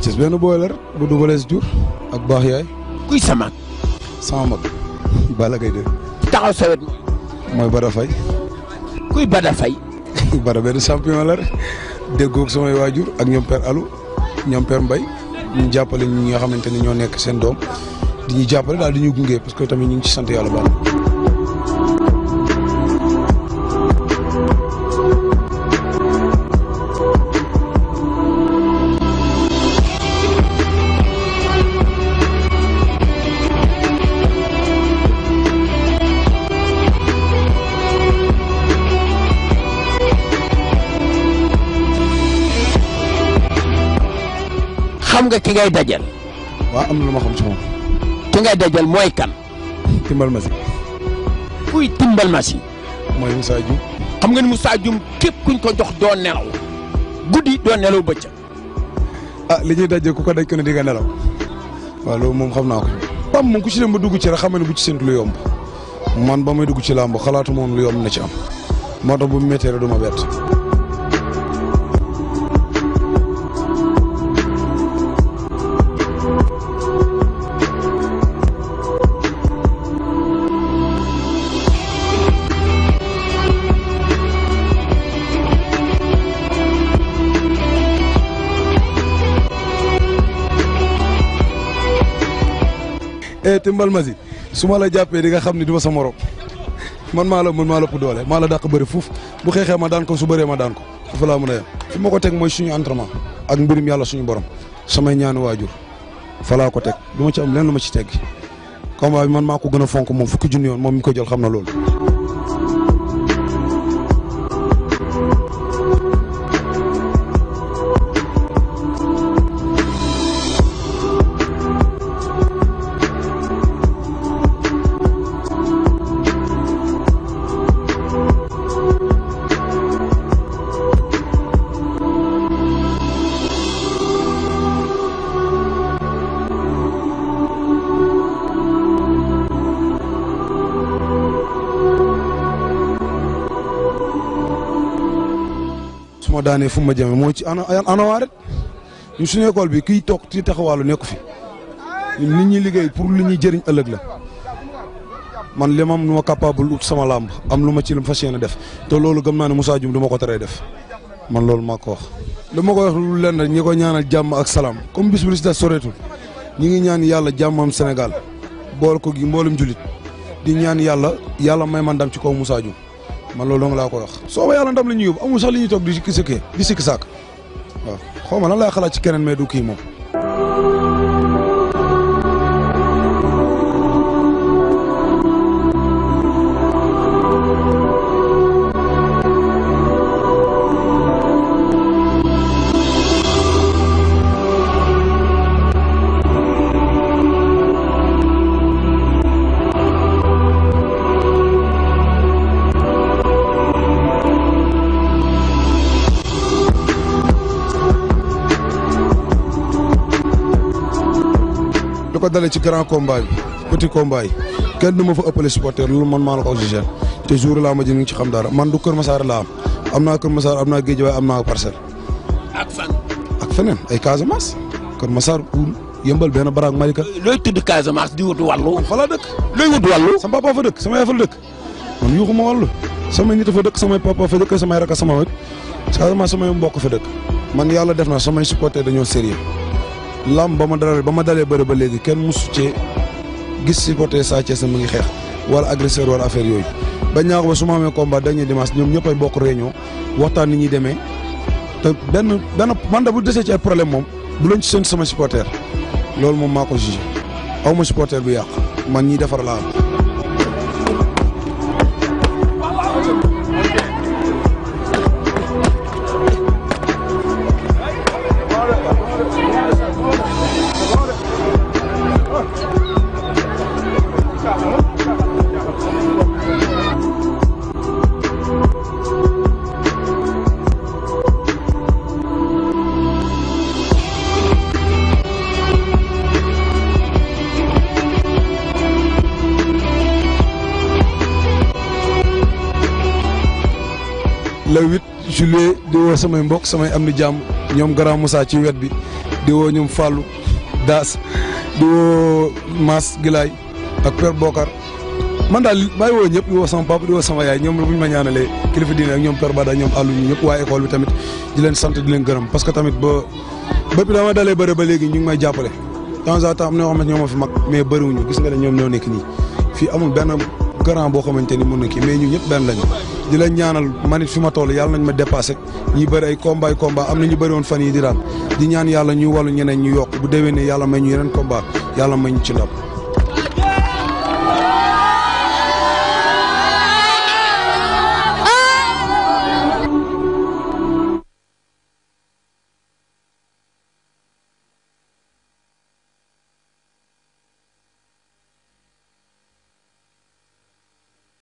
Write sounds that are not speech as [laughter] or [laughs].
Acis benn boiler bu dubalees jur ak baax yaay. kuy sa mag. sama mag. Balla Gaye de. taxaw sa mooy Bada Faye. kuy Bada Faye. [laughs] Bada benn champion la rek déggoo ak samay waajur ak ñoom père alu ñoom père Mbaye ñu jàppale ñi nga xamante ne ñoo nekk seen doom di ñu jàppale daal di ñu gunge parce que tamit ñu ngi ci sant yàlla baal. xam nga ki ngay dajal. waaw am na lu ma xam ci moom. ki ngay dajal mooy kan. timbal masi. kuy timbal masi. mooy Moussa xam nga ni Moussa Dioum képp kuñ ko jox doo nelaw guddi doo nelaw bëccëg. ah li ñuy dajee ku ko daj ko ne di nga nelaw. waaw loolu moom xam naa ko. PAM moom ku ci dem ba dugg ci rek xam ne bu ci séntu lu yomb. man ba may dugg ci làmb xalaatu moom lu yomb na ci am. moo tax bu mu méttee du ma bett. eh timbal ma si su ma la jàppee di nga xam ni du ma sa morom man maa la man maa la ëpp doole maa la dàq bëri fuuf bu xeexee ma daan ko su bëree ma daan ko dafa laa mën a yem fi ma ko teg mooy suñu entrement ak mbirum yàlla suñu borom samay ñaanu waajur fa laa ko teg du ma ci am leen lu ma ci teg combat bi man maa ko gën a fonk moom fukki junni yoon moom mi ko jël xam na loolu ma daanee fu ma jëmee moo ci ana ana waa rek ñun suñu école bi kiy toog ci taxawaalu nekku fi ni ñi liggéey pour li ñuy jëriñ ëllëg la man li ma lu ma capable ut sama làmb am lu ma ci lu fas yéene def te loolu gëm naa ne Moussa Dioum du ma ko teree def man loolu maa ko wax. lu ma ko wax lu leen ñi ko ñaanal jàmm ak salaam comme bis bu des soreetul ñi ngi ñaan yàlla jàmm am senegal bool ko gi mboolum julit di ñaan yàlla yàlla may man dam ci ko Moussa Dioum man loolu dong laa ko wax sooba yàlla ndam la ñuy yóbbu amul sax li ñuy toog di sikki di sikki sàkk ma lan laay xalaat ci keneen mais du kii moom ko dalee ci grand combat bi petit combat yi kenn du ma fa ëppale supporter loolu man maa la ko oxygène te jour laa ma ji ngi ci xam dara man du Kër Massar laa am am naa Kër Massar am naa géej waaye am naa parcelle. ak feneen ay Casamance Kër Massar Oum yëmbal benn baraag Malika. looy tudd Casamance di wut wàllu. fa laa dëkk. looy wut wàllu. sama papa fa dëkk sama yaay fa dëkk man yuuxuma wàllu samay nit fa dëkk samay papa fa dëkk samay rakk sama wet Casamance samay mbokk dëkk man yàlla def na samay supporter dañoo sérieux lamb ba ma dara ba ma dalee bëri ba léegi kenn mosu cee gis si côté Sa mu ngi xeex wala agresseur wala affaire yooyu ba ñaax ba su ma amee combat dañuy dimanche ñoom ñëpp ay bokk réunion waxtaan ni ñuy demee te benn benn man da bu desee ci ay problème moom bu lañ ci seen sama supporter loolu moom maa ko jugé aw ma supporter bu yàq man ñiy defar laa le 8 juillet di woo samay mbokk samay am di jàmm ñoom Grand Moussa ci wet bi di woo ñoom Fallou Daas di woo Mass Gilaay ak Père Bokar man daal maay woo ñëpp di woo sama papa di woo ñoom bu ñu ma ñu ñëpp waa bi tamit leen sant di leen gërëm parce que tamit ba bépp dama dalee bëre ba léegi ñu ngi may jàppale temps à temps am na yoo xam ne ma fi mag mais bëriwuñu gis nga ne ñoom ñoo nekk nii fii amul benn grand boo xamante ni mën na kii mais ñu ñëpp benn lañu di la ñaanal man it fi ma toll yàlla nañ ma dépassé ñi bëri ay combat combat am na ñu bëri woon fan yi di daan di ñaan yàlla ñuy wàllu ñeneen ñu yokk bu déwénee yàlla may ñu yeneen combat yàlla may ñu ci ndam